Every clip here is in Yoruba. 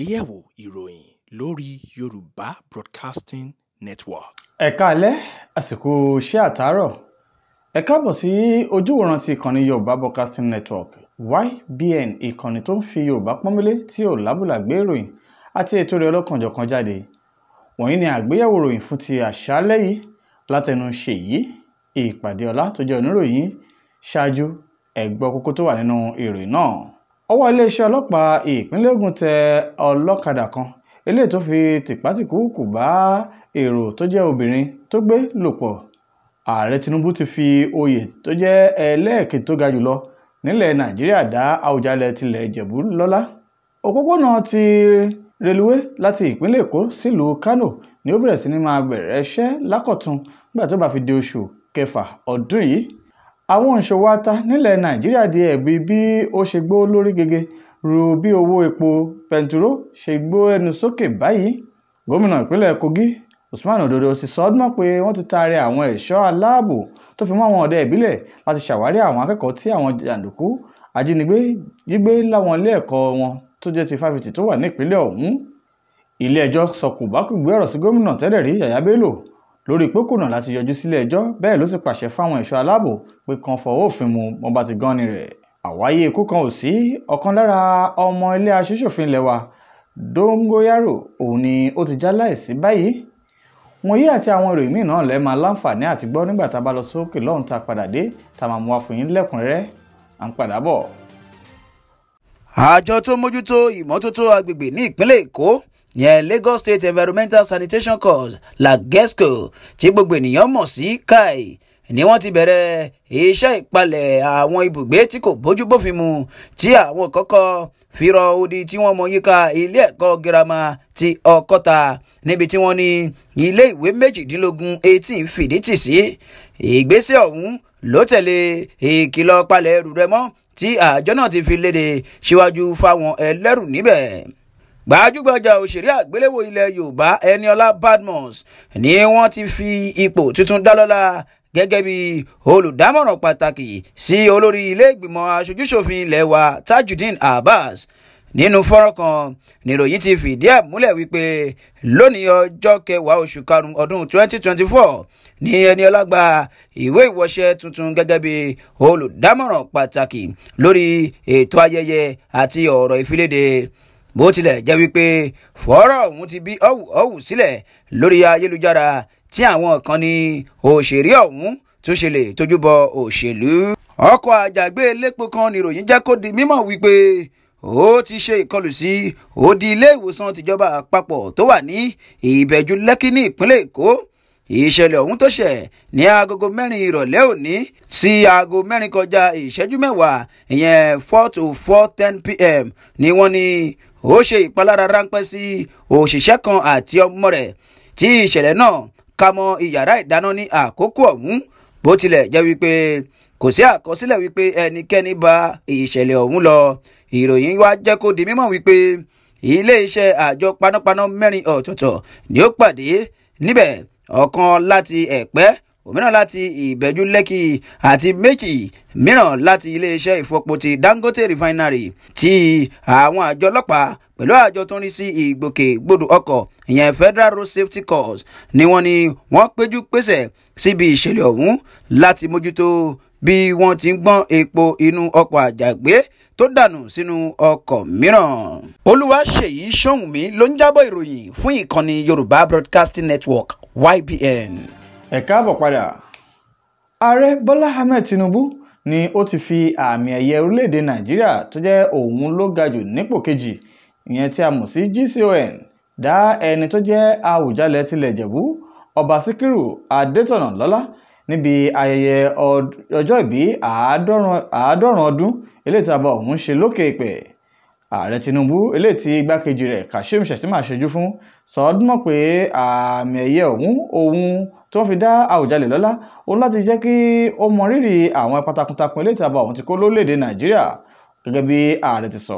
àgbéyẹ̀wò ìròyìn lórí yorùbá broadcasting network. ẹ káalẹ́ àsìkò iṣẹ́ àtàárọ̀ ẹ káàbọ̀ sí ojúwòran ti ìkànnì yorùbá broadcasting network ybn ìkànnì tó ń fi yorùbá pọ́nbélé tí ò lábùlà gbé ìròyìn àti ètò rẹ̀ ọlọ́kanjọ̀kan jáde wọ̀nyí ni àgbéyẹ̀wò ìròyìn fún ti àṣálẹ́ yìí látẹnu ṣèyí ìpàdé ọlá tó jẹ́ oníròyìn ṣáájú ẹ kókó tó wà nínú ìròyìn náà owó iléeṣẹ́ ọlọ́pàá ìpínlẹ̀ Ògùn tẹ ọlọ́kadà kan eléyìí tó fi tìpátìkúùkù bá èrò tó jẹ́ obìnrin tó gbé lò pọ̀ ààrẹ Tinubu ti fi oyè tó jẹ́ ẹlẹ́ẹ̀kejì tó ga jùlọ nílẹ̀ Nàìjíríà dá Àwùjalẹ̀ tilẹ̀ Ìjẹ̀bú lọ́lá òpópónà ti reluwé láti ìpínlẹ̀ Èkó sílùú Kánò ni ó bẹ̀rẹ̀ sí ní máa bẹ̀rẹ̀ iṣẹ́ lákọ̀tun nígbà tó bá fi di oṣù kẹfà ọdún yìí àwọn ìṣòwò ata nílẹ̀ nàìjíríà di ẹ̀bi bí ó ṣe gbówó lórí gege ru bí owó epo bẹntiró ṣe gbénú sókè báyìí gómìnà ìpínlẹ̀ kogi usman ododo ti sọ ọ́ dúnmọ́ pé wọ́n ti taari àwọn ẹ̀ṣọ́ aláàbò tó fi mọ́ àwọn ọ̀dẹ ìbílẹ̀ láti ṣàwárí àwọn akẹ́kọ̀ọ́ tí àwọn jàǹdùkú ajínigbé jígbé láwọn ilé ẹ̀kọ́ wọn tó jẹ́ ti fáfitì tó wà nípínlẹ̀ ọ̀hún ilé ẹjọ́ sọ ọ̀rọ̀ sí gómìnà tẹ́lẹ̀ rí yàyà bello lórí pé kùnà láti yọjú sílé ẹjọ́ bẹ́ẹ̀ ló sì pàṣẹ fáwọn ẹ̀ṣọ́ aláàbò pé kan fọwọ́ òfin mu wọn bá ti gán ni rẹ̀ àwáyé ikú kan ò sí ọ̀kan lára ọmọ ilé aṣíṣòfin ilẹ̀ wa Dongoyaro òun ni ó ti já láìsí báyìí wọ̀nyí àti àwọn ìròyìn míì náà lẹ máa láǹfààní àti gbọ́ nígbà tá a bá lọ sókè lọ́hùn tá a padà dé tá a máa mú wa fún yín lẹ́kùnrẹ́rẹ́ à ń padà bọ̀. àjọ tó mójútó ìmọ́tótó agbègbè ní ìpínlẹ̀ yẹn Lagos State Environmental Sanitation Corps LAGESCO tí gbogbo ènìyàn mọ̀ sí kai ni wọ́n ti bẹ̀rẹ̀ iṣẹ́ ìpalẹ̀ àwọn ibùgbé tí kò bójú bófin mu tí àwọn kọ́kọ́ fi rọ odi tí wọ́n mọ yíká ilé ẹ̀kọ́ girama ti Ọ̀kọ́ta níbi tí wọ́n ní ilé ìwé méjìdínlógún eighteen fìdí tì sí ìgbésẹ̀ ọ̀hún ló tẹ̀lé ìkìlọ̀ palẹ̀ ẹrù rẹ̀ mọ́ tí àjọ náà ti fi léde síwájú fáwọn ẹlẹ́rù níbẹ̀ gbajúgbajà òṣèré àgbéléwò ilẹ̀ yorùbá ẹniọlá badmus ni wọ́n ti fi ipò tuntun dálọ́lá gẹ́gẹ́ bí olùdámọ̀ràn pàtàkì sí olórí ilé ìgbìmọ̀ aṣojúṣòfin ilẹ̀ wa tajudeen abbas nínú fọ́nrán kan níròyìn ti fìdí ẹ̀ múlẹ̀ wípé lónìí ọjọ́ kẹwàá oṣù karùn-ún ọdún 2024 ní Ẹniọlá gba ìwé ìwọṣẹ tuntun gẹ́gẹ́ bí olùdámọ̀ràn pàtàkì lórí ètò ayẹyẹ àti ọ̀rọ̀ ìfiléde bó tilẹ̀ jẹ́ wípé fọ́ọ̀rọ̀ ọ̀hún ti bí ọ̀wù ọ̀wù sílẹ̀ lórí ayélujára tí àwọn kan ní òṣèré ọ̀hún tún ṣe lè tójú bọ òṣèlú. ọkọ̀ àjàgbé elépo kan nìròyìn jẹ́ kó di mímọ̀ wípé ó ti ṣe ìkọlù sí odi ilé ìwòsàn tìjọba àpapọ̀ tó wà ní ìbẹ̀jú lẹ́kì ní ìpínlẹ̀ èkó ìṣẹ̀lẹ̀ ọ̀hún tó ṣẹ̀ ní agogo mẹ́rin ìrọ̀lẹ́ òní sí aago mẹ́rin kọjá ìṣẹ́jú mẹ́wàá ìyẹn four to four ten pm ni wọ́n ní ó ṣe ìpalára ráńpẹ́ sí òṣìṣẹ́ kan àti ọmọ rẹ̀ tí ìṣẹ̀lẹ̀ náà ká mọ́ ìyàrá ìdáná ní àkókò ọ̀hún bó tilẹ̀ jẹ́ wípé kò sí àkọsílẹ̀ wípé ẹnikẹ́ni ba ìṣẹ̀lẹ̀ ọ̀hún lọ ìròyìn wá jẹ́ kó di mímọ̀ wípé iléeṣẹ́ àjọ panápaná mẹ́rin ọ̀tọ̀ọ̀tọ̀ ni ó pàdé níbẹ̀ ọ̀kan láti ẹ̀pẹ́ òmíràn láti ìbẹ́jú lẹ́kì àti méjì mìíràn láti iléeṣẹ́ ìfọpo ti Dangote refinery tí àwọn àjọ ọlọ́pàá pẹ̀lú àjọ tó ń rí sí ìgbòkègbodò ọkọ̀ ìyẹn Federal Road Safety Corps ni wọ́n ní wọ́n péjú pésẹ̀ síbi ìṣẹ̀lẹ̀ ọ̀hún láti mójútó bí wọ́n ti ń gbọ́n epo inú ọkọ̀ àjàgbé tó dànù sínú ọkọ̀ mìíràn. Olúwaṣeyí Ṣóhùnmí ló ń jábọ̀ ìròyìn fún ìkànnì Yorùbá Broadcasting Network YBN ẹ káàbọ̀ padà ààrẹ bọ́lá ahmed tinubu ni ó ti fi àmì ẹ̀yẹ orílẹ̀-èdè nàìjíríà tó jẹ́ òun ló ga jù nípò kejì ìyẹn tí a mọ̀ sí gcon dá ẹni tó jẹ́ àwùjalẹ̀ tilẹ̀ jẹ̀bú ọba síkírù adétọ̀nà lọ́lá níbi ayẹyẹ ọjọ́ ìbí àádọ́rùn ọdún eléyìí a bá òun ṣe lókè ìpẹ́ ààrẹ tinubu eléyìí tí igbákejì rẹ̀ kashim shettima ṣojú fún sọdúnmọ́ pé àmì ẹ̀yẹ òun òun tí wọ́n fi dá Àwùjalè lọ́lá òun láti jẹ́ kí ó mọ rírì àwọn takuntakun ilé ìtàbà òun ti kó lórílẹ̀‐èdè Nàìjíríà gẹ́gẹ́ bí ààrẹ ti sọ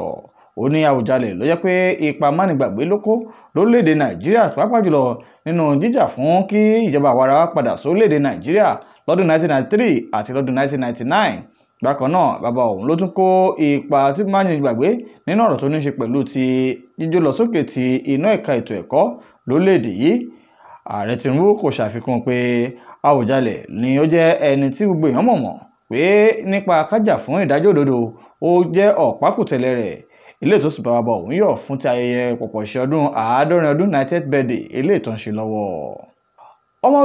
ó ní Àwùjalè ló jẹ́ pé ipa mánigbàgbé ló kó lórílẹ̀‐èdè Nàìjíríà pàápàá jùlọ nínú jíjà fún kí ìjọba àwara padà sórílẹ̀‐èdè Nàìjíríà lọ́dún 1993 àti lọ́dún 1999 bákan náà bàbá òun ló tún kó ipa tí mánigbàgbé nínú ọ̀rọ̀ tó ní ṣe pẹ̀lú ti ààrẹ tinubu kò ṣàfikún pé àwùjalè ni ó jẹ́ ẹni tí gbogbo èèyàn mọ̀ mọ̀ pé nípa kájà fún ìdájọ́ òdodo ó jẹ́ ọ̀pákùtẹ̀lẹ̀ rẹ̀ ilé ìtòsí bàbá bọ̀ òun yọ̀ fún ti ayẹyẹ pọ̀pọ̀ ṣe ọdún àádọ́rin ọdún united birthday ilé ìtàn ṣe lọ́wọ́ ọmọ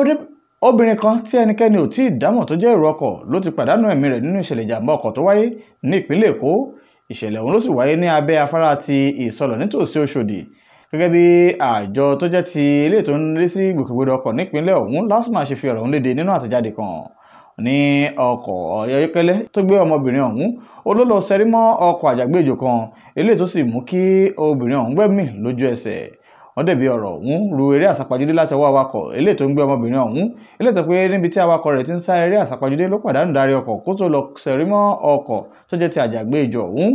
obìnrin kan tí ẹnikẹ́ni ò tí ì dámọ̀ tó jẹ́ èrò ọkọ̀ ló ti pàdánù ẹ̀mí rẹ̀ nínú ìṣẹ̀lẹ̀ ìjàmbá ọkọ̀ tó wáyé ní ìpínlẹ̀ èkó ìṣẹ̀lẹ̀ ọ̀hún ló sì wáyé ní abẹ́ afárá ti ìsọlọ̀ nítòsí òṣòdì gẹ́gẹ́ bí àjọ tó jẹ́ ti ilé tó ń rí sí ìgbòkègbodò ọkọ̀ nípínlẹ̀ ọ̀hún lasma ṣe fi ọ̀rọ̀ ọ̀hún léde nínú àtẹ̀jáde kan ní ọkọ̀ ayọ́kẹ́lẹ́ tó gbé ọmọbìnrin ọ̀hún ó ló lọ sẹ́rí mọ́ ọkọ̀ àjàgbéjò kan eléyìí tó sì mú kí obìnrin ọ̀hún gbẹ́mì lójú ẹsẹ̀ wọ́n dẹ̀bi ọ̀rọ̀ ọ̀hún ru eré àsápajúdé láti ọwọ́ awakọ̀ eléyìí tó ń gbé ọmọbìnrin ọ̀hún eléyìí tó pé níbi tí awakọ̀ rẹ̀ ti ń sá eré àsápajúdé ló pàdánù darí ọkọ̀ kó tó lọ sẹ̀rí mọ́ ọkọ̀ tó jẹ́ ti àjàgbéjò ọ̀hún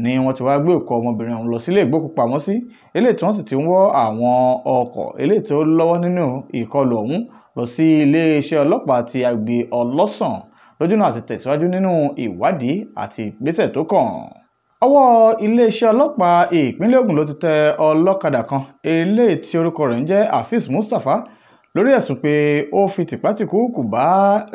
ni wọ́n ti wá gbé òkú ọmọbìnrin ọ̀hún lọ sílé ìgbókùpamọ́sí eléyìí tí wọ́n sì ti ń wọ́ àwọn ọkọ̀ eléyìí tó lọ́wọ́ nínú ìkọlù ọ̀hún lọ sí iléeṣẹ́ ọlọ́pàá ti àgbè ọlọ́sàn lójúnà àti tẹ̀síwájú nínú ìwádìí àti ìgbésẹ̀ tó kàn. ọwọ́ iléeṣẹ́ ọlọ́pàá ìpínlẹ̀ Ògùn ló ti tẹ ọlọ́kadà kan eléyìí tí orúkọ rẹ̀ ń jẹ́ Afeez Mustapha lórí ẹ̀sùn pé ó fi tìpátìkúùkù bá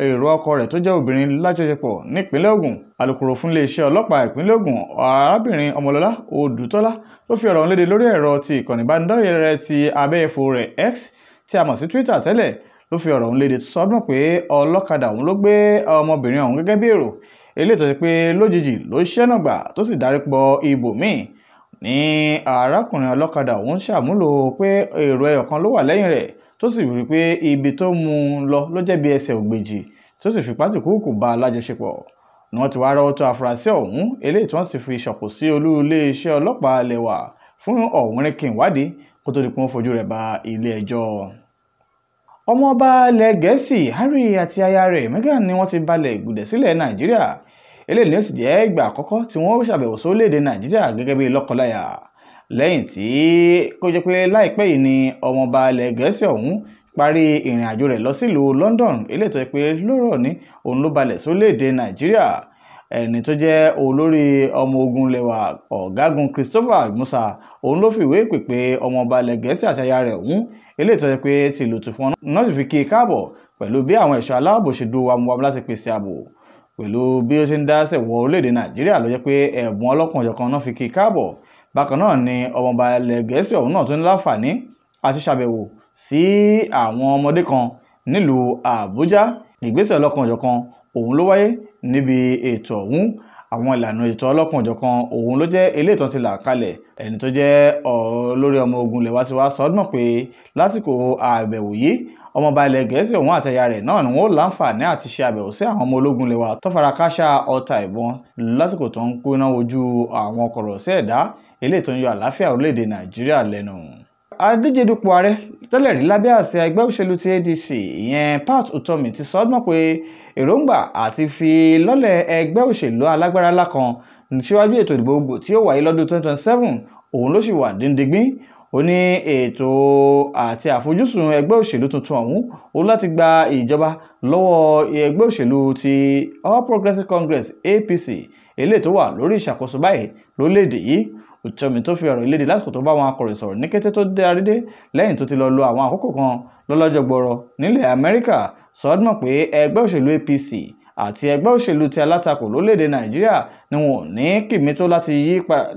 èrò ọkọ rẹ̀ tó jẹ́ obìnrin lájọṣepọ̀ nípínlẹ̀ Ògùn alukoro fún iléeṣẹ́ ọlọ́pàá ìpínlẹ̀ Ògùn arábìnrin Ọmọlọ́lá Odùtọ́lá ló fi ọ̀rọ̀ léde lórí ẹ̀rọ ti ìkànnì ìbánidọ́rẹ̀ẹ́ rẹ̀ ti abẹ́yẹfò rẹ̀ X tí a mọ̀ sí Twitter tẹ́lẹ̀ ló fi ọ̀rọ̀ ọ̀hún léde sọ́dún pé ọlọ́kadà ọ̀hún ló gbé ọmọbìnrin ọ̀hún gẹ́gẹ́ bí èrò eléyìí tó ṣe pé lójijì ló ṣẹ́nà gbà tó sì darí pọ ibòmíì ní arákùnrin ọlọ́kadà ọ̀hún ṣàmúlò pé èrò ẹyọ̀kan ló wà lẹ́yìn rẹ̀ tó sì rí i pé ibi tó mú un lọ ló jẹ̀bi ẹsẹ̀ ògbèjì tó sì ṣùpá tìkú kò bá a lájọṣepọ̀ ni wọ́n ti wá rọ́wọ́ tó afurasí ọ̀hún eléyìí tí wọ́n sì fi ṣọ̀kò sí olú iléeṣẹ́ ọlọ́pàá lẹ́wà fún ọ̀húnrín kí n wádìí kó tó di pé wọ́n fojú rẹ̀ ba ilé-ẹjọ́ ọmọọba ilẹ̀ gẹ̀ẹ́sì harry àti aya rẹ̀ meghan ni wọ́n ti balẹ̀ ìgùdẹ̀ sílẹ̀ nàìjíríà eléyìí ni ó sì jẹ́ ìgbà àkọ́kọ́ tí wọ́n ṣàbẹ̀wò sórílẹ̀-èdè nàìjíríà gẹ́gẹ́ bí lọ́kọláya lẹ́yìn tí kó jẹ́ pé láìpẹ́ yìí ni ọmọọba ilẹ̀ gẹ̀ẹ́sì ọ̀hún parí ìrìn àjò rẹ̀ lọ sílùú London eléyìí tó jẹ́ pé lórọ̀ ní òun ló balẹ̀ sórílẹ̀-èdè Nàìjíríà ẹni tó jẹ́ olórí ọmọ ogun lẹ̀wà ọ̀gágun Christopher Musa òun ló fìwé pè pé ọmọọba ilẹ̀ gẹ̀ẹ́sì àtayá rẹ̀ ọ̀hún eléyìí tó jẹ́ pé tìlù tìfọn náà ti fi kí i káàbọ̀ pẹ̀lú bí àwọn ẹ̀ṣọ́ aláàbò ṣe dúró wàmúwàmú láti pèsè ààbò pẹ̀lú bí ó ṣe ń dá sẹ̀wọ̀ orílẹ̀-èdè Nàìjíríà ló jẹ́ pé ẹ̀bùn ọlọ́kan ò náà fi kí i káàbọ̀ bákan náà ni ọmọọba ilẹ̀ gẹ̀ẹ́sì ọ̀hún náà tún ní láǹfààní àti ṣàbẹ̀wò sí àwọn ọmọdé kan nílùú àbújá ìgbésẹ̀ ọlọ́kan-ò-jọ̀kan òun ló wáyé níbi ètò ọ̀hún àwọn ìlànà ètò ọlọ́kan-ò-jọ̀kan òun ló jẹ́ eléyìí tán ti là kalẹ̀ ẹni tó jẹ́ olórí ọmọ ogun ilẹ̀ wa ti wá sọ ọ́ mọ̀ pé lásìkò àbẹ̀wò yìí ọmọọba ilẹ̀ gẹ̀ẹ́sì òun àtẹ̀yà rẹ̀ náà ni wọ́n láǹfààní àti ṣe àbẹ̀wò sí àwọn ọmọ ológun ilẹ̀ wa tó fara káṣá ọta ìbọn lásìkò tó ń kóná wojú àwọn kọ̀rọ̀ sí ẹ̀dá eléyìí ń yọ àlàáfíà orílẹ̀-èdè nàìjíríà lẹ́nu adíje dupò ààrẹ tẹ́lẹ̀ rí lábẹ́ àsíá ẹgbẹ́ òṣèlú ti ADC ìyẹn Pat Utomi ti sọ mọ́ pé èròǹgbà àti fi lọ́lẹ̀ ẹgbẹ́ òṣèlú alágbára ńlá kan síwájú ètò ìdìbò gbò tí ó wáyé lọ́dún 2027 òun ló sì wà díndín ó ní ètò àti àfojúsùn ẹgbẹ́ òṣèlú tuntun ọ̀hún ó láti gba ìjọba lọ́wọ́ ẹgbẹ́ òṣèlú ti All Progressives Congress APC eléyìí tó wà lórí ìṣàkóso báyìí lórílẹ̀‐èdè yìí Òtítọ́mi tó fi ọ̀rọ̀ ìlédè lásìkò tó bá àwọn akọ̀ròyìn sọ̀rọ̀ ní kété tó darí dé lẹ́yìn tó ti lọ lo àwọn àkókò kan lọ́lọ́jọ́ gbọ́rọ̀ nílẹ̀ Amẹ́ríkà sọ́dún pé ẹgbẹ́ òṣèlú APC àti ẹgbẹ́ òṣèlú ti alátakò lórílẹ̀‐èdè Nàìjíríà ni wọn ò ní kìmí tó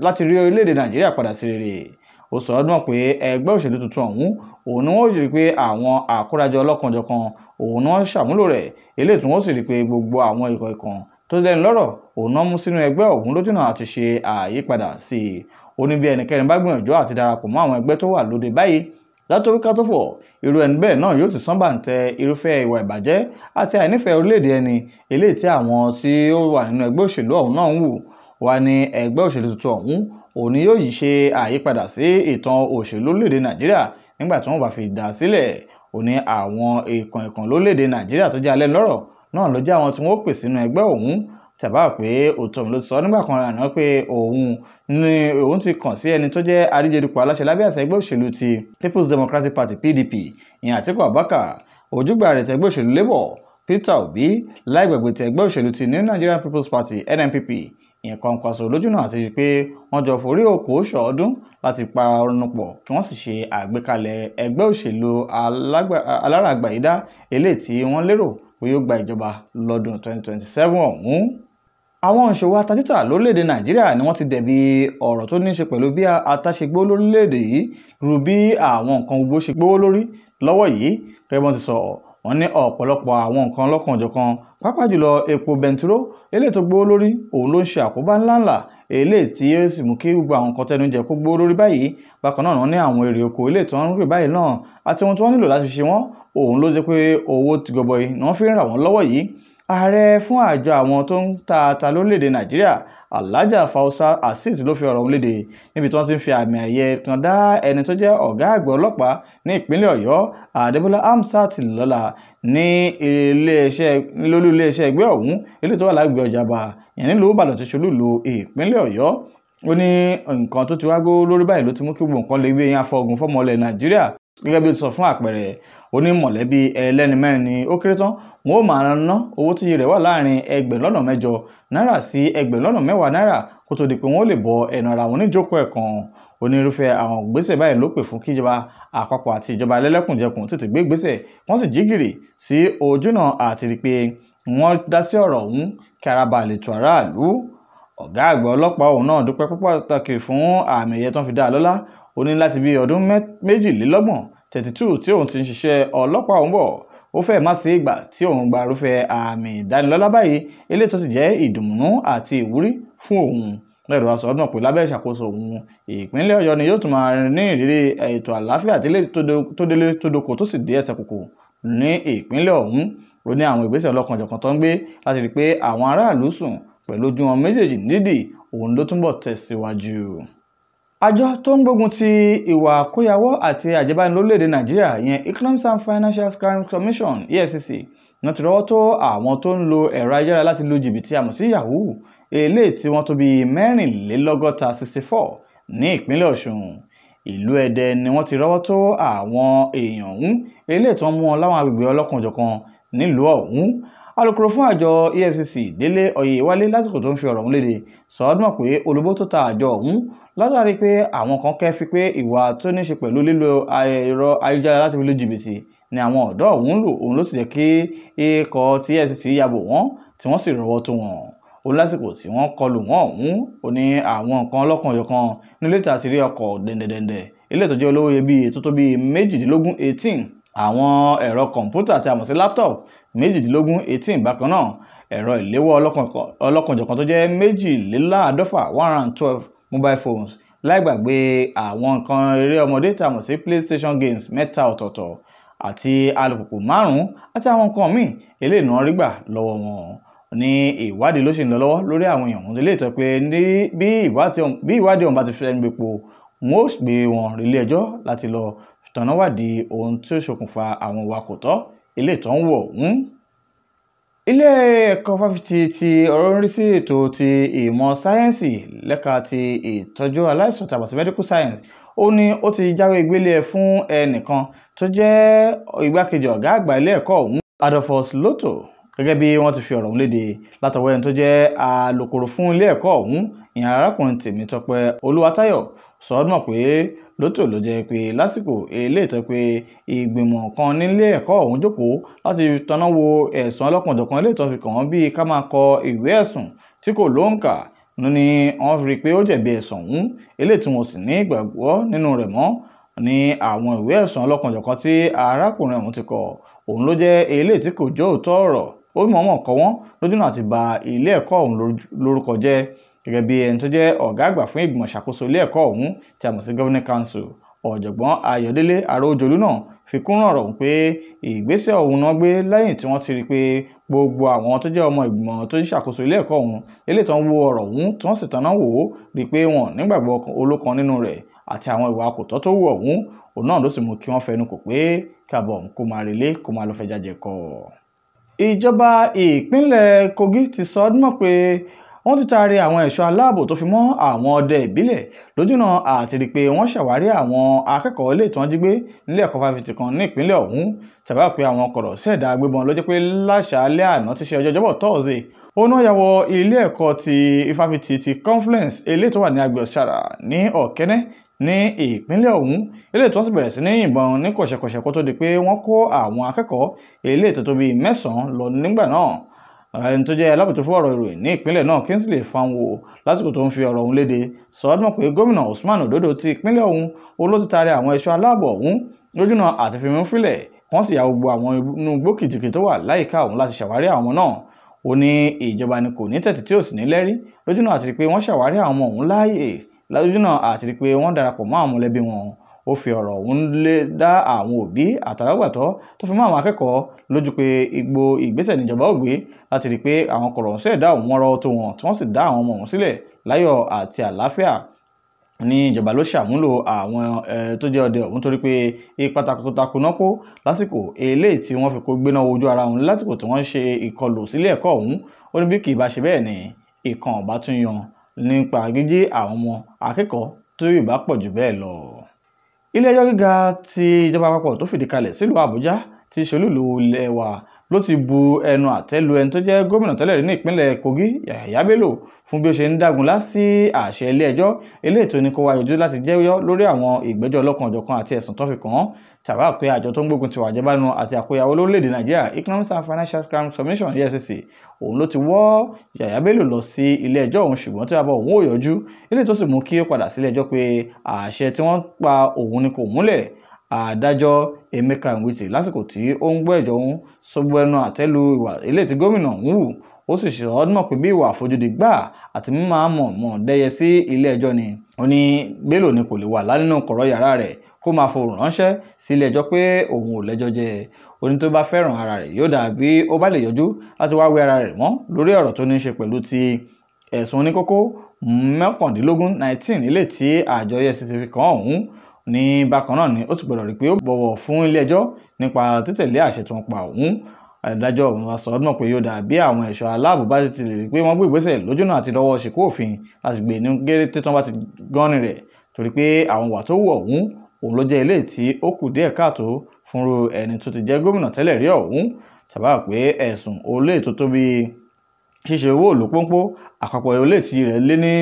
láti rí orílẹ̀‐èdè Nàìjíríà padà sí rere ó sọ ọdún pé ẹgbẹ́ òṣèlú tuntun ọ̀hún òun ni wọ́n rí pé àwọn àkórajọ ọlọ́kanjọkan òun ni wọ́n ṣàmúlò rẹ̀ eléyìí tí wọ́n sì rí pé gbogbo àwọn ikọ̀ ikàn tó lẹ́nu lọ́rọ̀ òun náà mú sínú ẹgbẹ́ ọ̀hún lójúnà àti ṣe àyípadà sí i ó ní bí ẹnikẹ́ni bá gbìyànjú àti darapọ̀ mọ́ àwọn ẹgbẹ́ tó wà lóde báyìí látòrí ká tó fọ̀ irú ẹni bẹ́ẹ̀ náà yóò ti sán bàǹtẹ irúfẹ́ ìwà ìbàjẹ́ àti àìnífẹ̀ẹ́ orílẹ̀-èdè ẹni eléyìí tí àwọn tí ó wà nínú ẹgbẹ́ òṣèlú ọ̀hún náà ń wù wá ní ẹgbẹ́ òṣèlú tuntun ọ̀hún òní yóò yìí ṣe àyípadà sí ìtàn òṣèlú lórílẹ̀‐èdè nàìjíríà nígbà tí wọ́n bá fi dà sílẹ̀ òní àwọn ìkàn ìkàn lórílẹ̀‐èdè nàìjíríà tó jẹ́ alẹ́ lọ́rọ̀ náà ló jẹ́ àwọn tí wọ́n pè sínú ẹgbẹ́ òun tàbá pé òtún ló sọ nígbà kan rànà pé òun ni òun ti kàn sí ẹni tó jẹ́ adíjedupò aláṣẹ lábẹ́ àṣẹ ẹgbẹ́ òṣèlú ti People's Democratic Party PDP ìyẹn Àtíkù Abubakar òjúgbà rẹ̀ tẹgbẹ́ òṣèlú Labour Peter Obi láìgbàgbé tẹgbẹ́ òṣèlú ti New Nigerian People's Party NNPP nǹkan kan sọ lójú náà àti pé wọ́n jọ forí òkú ṣọ̀ọ́dún láti parun pọ̀ kí wọ́n sì ṣe àgbékalẹ̀ ẹgbẹ́ òṣèlú alárààgbàyídá eléyìí tí wọ́n lérò pé yóò gba ìjọba lọ́dún 2027 ọ̀hún àwọn ìṣòwò ata títà lórílẹ̀‐èdè nàìjíríà ni wọ́n ti dẹ̀bi ọ̀rọ̀ tó ní í ṣe pẹ̀lú bí ata lórílẹ̀‐èdè yìí ru bí àwọn nǹkan gbogbo ṣe gbówó lórí lọ́wọ́ yìí kẹ́gbọ́n wọ́n ní ọ̀pọ̀lọpọ̀ àwọn nǹkan lọ́kànjọ̀kan pàápàá jùlọ epo bẹntiró eléyìí tó gbówó lórí òun ló ń ṣe àkóbá ńláńlá eléyìí tí yóò sì mú kí gbogbo àwọn nǹkan tẹnu jẹ kó gbówó lórí báyìí bákan náà wọ́n ní àwọn èrè oko eléyìí tó ń rè báyìí náà àti ohun tí wọ́n nílò láti ṣe wọ́n òun ló jẹ́ pé owó gọbọi ni wọ́n fi ń rà wọ́n lọ́wọ́ yìí ààrẹ fún àjọ àwọn tó ń ta ata lórílẹ̀‐èdè nàíjíríà alhaja fawza azeez ló fi ọ̀rọ̀ ọ̀hún léde níbi tí wọ́n ti ń fi àmì ẹ̀yẹ kan dá ẹni tó jẹ́ ọ̀gá àgbà ọlọ́pàá ní ìpínlẹ̀ ọ̀yọ́ adébọ́lá hamsat lọ́lá ní iléeṣẹ́ lólú iléeṣẹ́ ẹgbẹ́ ọ̀hún ilé tó wà lágbègbè ọjàba ìyẹn nílùú ìbàdàn ti ṣolúlu ìpínlẹ̀ ọ̀yọ́ ó ní nǹkan tó ti wá gbó lórí báyìí ló ti mú kí gbogbo nǹkan lè gbé yẹn afọ̀gùn fọ́mọ ilẹ̀ nàìjíríà gẹ́gẹ́ bí o ti sọ fún àpẹẹrẹ onímọ̀lẹ́bí ẹlẹ́ni mẹ́rin ni ó kéré tán wọn ó máa ná owó tíye rẹ̀ wà láàrin ẹgbẹ̀rún lọ́nà mẹ́jọ náírà sí ẹgbẹ̀rún lọ́nà mẹ́wàá náírà kó tó di pé wọ́n lè bọ ẹnu ara wọn níjókòó ẹ̀kan onírúfẹ́ àwọn ìgbésẹ̀ báyìí ló pè fún kíjọba àpapọ̀ àti ìjọba ẹlẹ́lẹ́kùnjẹkùn tètè gbé ìgbésẹ̀ wọ́n sì jí gìrì sí ojúnà àti rí pé wọ́n dá sí ọ̀rọ̀ ọ̀hún kí ara bà lè tu aráàlú ọ̀gá àgbà ọlọ́pàá òun náà dúpẹ́ pàtàkì fún àmì ẹ̀yẹ tó ń fi dá a lọ́lá ó ní láti bíi ọdún méjìlélọ́gbọ̀n thirty two tí òun ti ń ṣiṣẹ́ ọlọ́pàá òun bọ̀ ó fẹ́ má sí ìgbà tí òun gba irúfẹ́ àmì ìdánilọ́lá báyìí eléyìí tó sì jẹ́ ìdùnnú àti ìwúrí fún òun lẹ́rọ aṣọ ọdún pé lábẹ́ ìṣàkóso òun ìpínlẹ̀ ọ̀yọ́ ni yóò tún máa ní ìrírí ètò àlàáfíà tó délé tó doko tó sì dé ẹsẹ̀ kòkò ní ìpínlẹ̀ ọ̀hún ó ní àwọn ìgbésẹ̀ ọlọ́kanjọ̀kan tó ń gbé láti rí i pé àwọn aráàlú sùn pẹ̀lú ojú wọn méjèèjì nídìí òun ló túnbọ̀ tẹ̀síwájú. Àjọ tó ń gbógun ti ìwà àkóyawọ́ àti àjẹbánu lórílẹ̀‐èdè Nàìjíríà ìyẹn Economic and Financial Crimes Commission EFCC náà ti rọ́wọ́ tó àwọn tó ń lo ẹ̀rọ ayélujára láti lu jìbìtì àmọ́ sí Yahoo eléyìí tí wọ́n tó bíi mẹ́rìnlélọ́gọ́ta sixty four ní ìpínlẹ̀ Ọ̀ṣun ìlú Ẹdẹ ni wọ́n ti rọ́wọ́ tó àwọn èèyàn ọ̀hún eléyìí tí wọ́n mú wọn láwọn agbègbè ọlọ́kanòjọ̀kan nílùú ọ̀hún alukoro fún àjọ EFCC Délé Oyèwálé lásìkò tó ń fi ọ̀rọ̀ ọ̀hún léde sọ ọ́ dúnmọ̀ pé olobó tó ta àjọ ọ̀hún látàrí pé àwọn kan kẹ́fí pé ìwà tó ní ṣe pẹ̀lú lílo ẹ̀rọ ayélujára láti fi lu jìbìtì ni àwọn ọ̀dọ́ ọ̀hún lò òun ló sì jẹ́ kí ikọ̀ tí EFCC yabò wọ́n tí wọ́n sì rọ́wọ́ tó wọn ó lásìkò tí wọ́n kọlù wọn ọ̀hún ó ní àwọn nǹkan ọlọ́kan-ò-yọ̀kan nílé tí a ti rí ọkọ̀ dẹ̀ndẹ̀dẹ̀ndẹ̀ ilé ìtọ́jú olówó iyebíye tó tó bíi méjìdínlógún eighteen àwọn ẹ̀rọ kọ̀ǹpútà tí a mọ̀ sí laptop méjìdínlógún eighteen bákan náà ẹ̀rọ ìléwọ́ ọlọ́kan-ò-yọ̀kan tó jẹ́ méjìléláàádọ́fà one hundred and twelve mobile phones láì gbàgbé àwọn nǹkan eré ọmọdé tá a mọ̀ sí playstation games mẹ́ta ọ̀tọ̀ọ̀tọ̀ àti alùpùpù márùn-ún àti àwọn nǹkan míì eléyìí náà rí gbà lọ́wọ́ wọn ní ìwádìí ló ṣì ń lọ lọ́wọ́ lórí àwọn èèyàn ọ̀hún lè tọ́ pé bí ìwádìí ọ̀hún bá ti fẹ́ẹ́ gbépo wọn ó gbé wọn relé ẹjọ́ láti lọ tọ̀nà wádìí ohun tí ó ṣokùnfà àwọn ìwà kò tọ́ eléyìí tó ń wọ̀ ọ̀hún Ilé ẹ̀kọ́ Fáfitì tí ọ̀rọ̀ ń rí sí ètò ti ìmọ̀ sáyẹ́ǹsì lẹ́ka ti ìtọ́jú aláìsàn (Therapy, Medical science ó ní ó ti jáwé gbélé ẹ̀ fún ẹnì kan tó jẹ́ igbákejì ọ̀gá àgbà ilé ẹ̀kọ́ ọ̀hún Adolphus Lutto, gẹ́gẹ́ bí wọ́n ti fi ọ̀rọ̀ ọ̀hún lédè látọwọ́ ẹni tó jẹ́ alukoro fún ilé ẹ̀kọ́ ọ̀hún ìyẹn Arákùnrin Tèmítọ́pẹ́ Olúwatáyọ̀ sọ́ọ́dún mọ̀ pé lótò ló jẹ́ pé lásìkò eléyìí tó pé ìgbìmọ̀ kan nílé ẹ̀kọ́ ọ̀hún jókòó láti tanná wo ẹ̀sùn ọlọ́kanòjọ̀kan eléyìí tó fi kàn án bíi ká máa kọ ìwé ẹ̀sùn tí kò lóǹkà ní wọ́n rí i pé ó jẹ̀bi ẹ̀sùn ọ̀hún eléyìí tí wọ́n sì ní ìgbàgbọ́ nínú rẹ̀ mọ́ ní àwọn ìwé ẹ̀sùn ọlọ́kanòjọ̀kan tí arákùnrin ọ̀hún ti kọ òun ló jẹ́ eléyìí tí kò jó òótọ́ ọ̀rọ̀ ó mọ̀ọ́mọ̀ kọ wọ́n lójúnà àti ba ilé ẹ̀kọ́ ọ̀hún lórúkọ jẹ́ gẹ́gẹ́ bí ẹni tó jẹ́ ọ̀gá àgbà fún ìgbìmọ̀ ìṣàkóso ilé ẹ̀kọ́ ọ̀hún tí a mọ̀ sí governing council ọ̀jọ̀gbọ́n ayọ̀délé àròjòlú náà fi kún ọ̀rọ̀ ọ̀hún pé ìgbésẹ̀ ọ̀hún náà gbé lẹ́yìn tí wọ́n ti rí i pé gbogbo àwọn tó jẹ́ ọmọ ìgbìmọ̀ tó ń ṣàkóso ilé ẹ̀kọ́ ọ̀hún eléyìí tó ń wo ọ̀rọ̀ ọ̀hún tí wọ́n sì tanná wò ó rí i pé wọn nígbàgbọ́ olókan nínú rẹ̀ àti àwọn ìwà àkótọ́ tó wù ọ̀hún òun náà ló sì mú kí wọ́n fẹnu kò pé kábọ̀ kó máa relé kó máa lọ fẹ́ jàjẹ́ kọ́ ìjọba ìpínlẹ̀ Kogi ti sọ ọdún mọ́ pé wọ́n ti taari àwọn ẹ̀ṣọ́ aláàbò tó fi mọ́ àwọn ọdẹ ìbílẹ̀ lójúnà àti rí i pé wọ́n ṣàwárí àwọn akẹ́kọ̀ọ́ ilé ìtàn jígbé nílé ẹ̀kọ́ fáfitì kan ní ìpínlẹ̀ ọ̀hún tàbí pé àwọn kọ̀rọ̀ sí ẹ̀dá agbébọn ló jẹ́ pé láṣàálẹ̀ àná ti ṣe ọjọ́ Ọjọ́bọ̀ tọ́ọ̀sì òun náà yà wọ ilé ẹ̀kọ́ ti ifáfitì ti Confluence eléyìí tó wà ní agbẹ̀ ọ̀ṣàrà ní ọ̀kẹ́nẹ́ ní ìpínlẹ̀ ọ̀hún eléyìí tó sì bẹ̀rẹ̀ sí ní yìnbọn ní kọ̀ṣẹ̀kọ̀ṣẹ̀ kó tó di pé wọ́n kó àwọn akẹ́kọ̀ọ́ eléyìí tó tó bíi mẹ́sàn-án lọ nígbà náà ẹni tó jẹ́ alábòtúfò ọ̀rọ̀ ìròyìn ní ìpínlẹ̀ náà Kingsley Fanwo lásìkò tó ń fi ọ̀rọ̀ ọ̀hún léde sọ ọ́ dùn pé gómìnà Usman Ododo ti ìpínlẹ̀ ọ̀hún olóòtú taari àwọn ẹ̀ṣọ́ aláàbọ̀ ọ̀hún lójúnà àti fi mú fílẹ̀ wọ́n sì ya gbogbo àwọn inú igbó kìjìkì tó wà láyìíká ọ̀hún láti ṣàwárí àwọn náà ó ní ìjọba ni kò ní tẹ̀tí tí ò sì ní lẹ́rí lójúnà àti pé wọ́n ṣàwárí àwọn ọ̀hún láàyè lójúnà àti pé wọ́n darapọ̀ mọ́ àwọn mọ̀lẹ́bí wọn ó fi ọ̀rọ̀ ọ̀hún lé dá àwọn òbí àtàlágbàtọ́ tó fi mọ́ àwọn akẹ́kọ̀ọ́ lójú pé gbogbo ìgbésẹ̀ níjọba ò gbé láti rí i pé àwọn kọ̀rọ̀ǹsọ ẹ̀dá òun wọ́n rọ́wọ́ tó wọn tí wọ́n sì dá àwọn ọmọ òun sílẹ̀ láyọ̀ àti àlàáfíà ní ìjọba ló ṣàmúlò àwọn tó jẹ́ ọdẹ ọ̀hún torí pé ipa takuntakun náà kó lásìkò eléyìí tí wọ́n fi kó gbéná wojú ara wọn lásìkò tí wọ́n ṣe ìkọlù sílé ẹ̀kọ́ ọ̀hún ó ní bí kì í bá ṣe bẹ́ẹ̀ ni ìkan ọ̀bá tún yan nípa jíjí àwọn ọmọ akẹ́kọ̀ọ́ tó yìí bá pọ̀ jù bẹ́ẹ̀ lọ ilé-ẹjọ́ gíga ti ìjọba àpapọ̀ tó fìdí kalẹ̀ sílùú àbújá ti ṣolúìlú ilé ló ti bu ẹnu àtẹ́ lu ẹni tó jẹ́ gómìnà tẹ́lẹ̀ rí ní ìpínlẹ̀ Kogi Yahaya Bello fún bí ó ṣe ń dágunlá sí àṣẹ ilé-ẹjọ́ eléyìí tó ní kó wá yọjú láti jẹ́yọ́ lórí àwọn ìgbẹ́jọ́ ọlọ́kan ọ̀jọ̀kan àti ẹ̀sùn tó fi kàn án tàbí àpé àjọ tó ń gbógun ti wàjẹ́ bánu àti àkóyawó lórílẹ̀ Nàìjíríà Economic and Financial Crimes Commission EFCC òun ló ti wọ́ Yahaya Bello lọ sí ilé-ẹjọ́ òun ṣùgbọ́n tí abọ́ òun ò yọjú eléyìí tó sì mú kí ó adájọ́ Emeka Nwite lásìkò tí ó ń gbọ́ ẹjọ́ ọ̀hún sọ́gbó ẹnu àtẹ́lu ìwà eléyìí tí gómìnà ọ̀hún hù ó sì sọ ọ́ náà pé bí ìwà àfojúdi gbà àti mímọ́ àmọ̀ mọ̀ dẹ́yẹ sí ilé ẹjọ́ ni ó ní Bello ni kò lè wà lálẹ́nu kọ̀rọ̀ yàrá rẹ̀ kó máa fohùn ránṣẹ́ sí ilé ẹjọ́ pé òun ò lẹ́jọ́ jẹ oní tó bá fẹ́ràn ara rẹ̀ yóò dàbí ó bá lè yọjú láti wá wé ara rẹ̀ mọ́ lórí ọ̀rọ̀ tó ní í ṣe pẹ̀lú ti ẹ̀sùn oníkókó mọ́kàndínlógún nineteen ilé tí àjọ EFCC fi kàn án ọ̀hún ní bákan náà ni ó sì gbọdọ̀ rí pé ó bọ̀wọ̀ fún ilé-ẹjọ́ nípa títẹ̀lé àṣẹ tí wọ́n pa òun adájọ́ ọ̀húnwàsọ ọdún pé yóò dàbí àwọn ẹ̀ṣọ́ aláàbò bá ti lè rí pé wọ́n gbé ìgbésẹ̀ lójúnà àti lọ́wọ́ ṣìkó òfin láti gbé e ní géré tí wọ́n bá ti gánni rẹ̀ torí pé àwọn ìwà tó wù ọ̀hún òun ló jẹ́ ilé tí ó kù díẹ̀ káàtó fúnru ẹni tó ti jẹ́ gómìnà tẹ́lẹ̀ rí ọ̀hún sábà pé ẹ̀sùn olè tó tóbi ṣíṣe owó òlópónpó àpapọ̀ olè tí rẹ̀ lé ní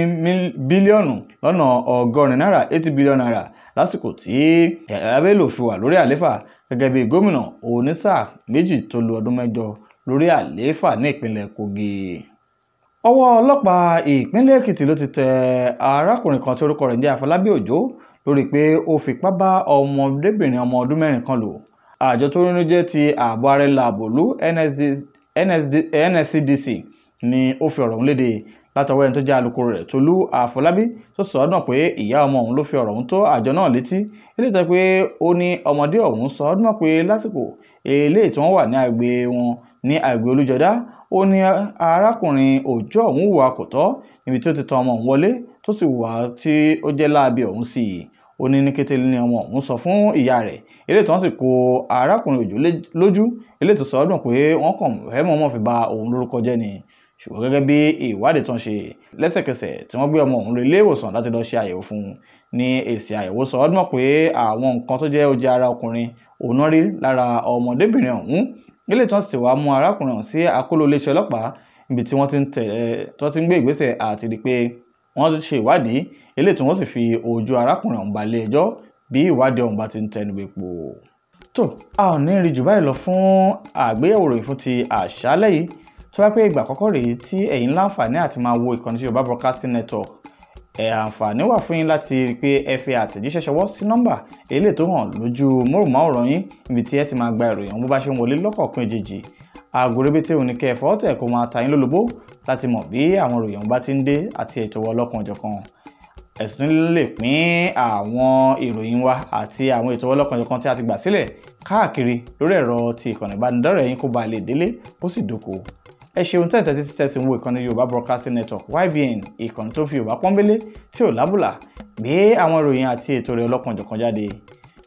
bílíọ̀nù lọ́nà ọgọ́rin náírà eighty billion naira lásìkò tí Yàyà Bello fi wà lórí àléfà gẹ́gẹ́ bí gómìnà onísáà méjì tó lu ọdún mẹ́jọ lórí àléfà ní ìpínlẹ̀ Kogi ọwọ́ ọlọ́pàá ìpínlẹ̀ Èkìtì ló ti tẹ arákùnrin kan tí orúkọ rẹ̀ ń jẹ́ Afọlábí Òjó lórí pé ó fipá bá ọmọdébìnrin ọmọ ọdún mẹ́rin kan lò àjọ tó rínú jẹ́ ti ààbò ara ilẹ̀ NSCDC ni ó fi ọ̀rọ̀ ọ̀hún léde látọwọ́ ẹni tó jẹ́ alukoro rẹ̀ Tolú Àfọlábí tó sọ náà pé ìyá ọmọ òun ló fi ọ̀rọ̀ ọ̀hún tó àjọ náà létí eléyìí tó pé ó ní ọmọdé ọ̀hún sọ náà pé lásìkò eléyìí tí wọ́n wà ní àgbè wọn ní àgbè Olújọdá ó ní arákùnrin òjò ọ̀hún hùwà kò tọ́ níbi tí ó ti tan ọmọ òun wọlé tó sì hùwà tí ó jẹ́ láabi ọ̀hún sí i ó ní ní kété ní ọmọ òun sọ fún ìyá rẹ̀ eléyìí tó ń sì kó arákùnrin òjò lójú eléyìí tó sọ ọdún pé wọ́n kàn fẹ́ ọmọ fi ba òun lórúkọ jẹ́ ni ṣùgbọ́n gẹ́gẹ́ bí ìwádìí tó ń ṣe lẹ́sẹ̀kẹsẹ̀ tí wọ́n gbé ọmọ òun lọ ilé ìwòsàn láti lọ ṣe àyẹ̀wò fún un ní èsì àyẹ̀wò sọ ọdún mọ̀ pé àwọn nǹkan tó jẹ́ ojú ara ọkùnrin òun náà rí lára ọmọdébìnrin ọ̀hún nílé tí wọ́n sì ti wá mú arákùnrin ọ̀hún sí akóló iléeṣẹ́ ọlọ́pàá ibi tí wọ́n ti ń tẹ̀ tí wọ́n ti ń gbé ìgbésẹ̀ àti rí pé wọ́n ṣe ìwádìí eléyìí tó a ò ní rí jù báyìí lọ fún àgbéyẹ̀wò ròyìn fún ti àṣálẹ́ yìí tó bá pé ìgbà àkọ́kọ́ rèé tí ẹ̀yin láǹfààní àti máa wo ìkànnì tí Yorùbá Broadcasting Network ẹ̀ àǹfààní wà fún yín láti rí i pé ẹ fi àtẹ̀jíṣẹ́ ṣọwọ́ sí nọ́mbà eléyìí tó hàn lójú móhùnmáwòrán yín níbi tí ẹ ti máa gba ìròyìn ọ̀hún bó bá ṣe ń wọlé lọ́kọ̀ọ̀kan èjèèjì aago rébété òní kẹ́ ẹ fọ́ tẹ̀ kó máa ta yín lólobó láti mọ̀ bí àwọn ìròyìn ọ̀hún bá ti ń dé àti ètò wa ọlọ́kan ọ̀jọ̀kan ẹ̀sùn lè pín àwọn ìròyìn wa àti àwọn ètò ọlọ́kan ọ̀jọ̀kan tí a ti gbà sílẹ̀ káàkiri lórí ẹ̀rọ ti ìkànnì ìbánidọ́rẹ̀ẹ́ yín kó ba lè délé kó sì dóko ẹ ṣeun tẹ́tẹ́ títí tẹ̀sí ń ìkànnì yorùbá broadcasting network ybn ìkànnì tó fi yorùbá pọ́nbélé tí ò lábùlà gbé àwọn ìròyìn àti ètò rẹ̀ ọlọ́kanòjọ̀kan jáde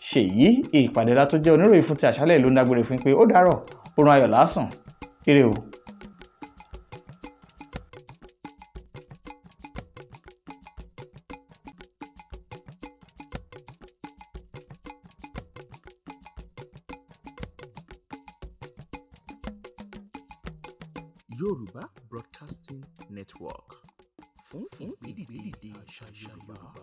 ṣèyí ìpàdé la tó jẹ́ oníròyìn fún ti àṣálẹ̀ ìlú ń dágbére fún pé ó dàárọ̀ oorun ayọ̀ lásùn ire o. yang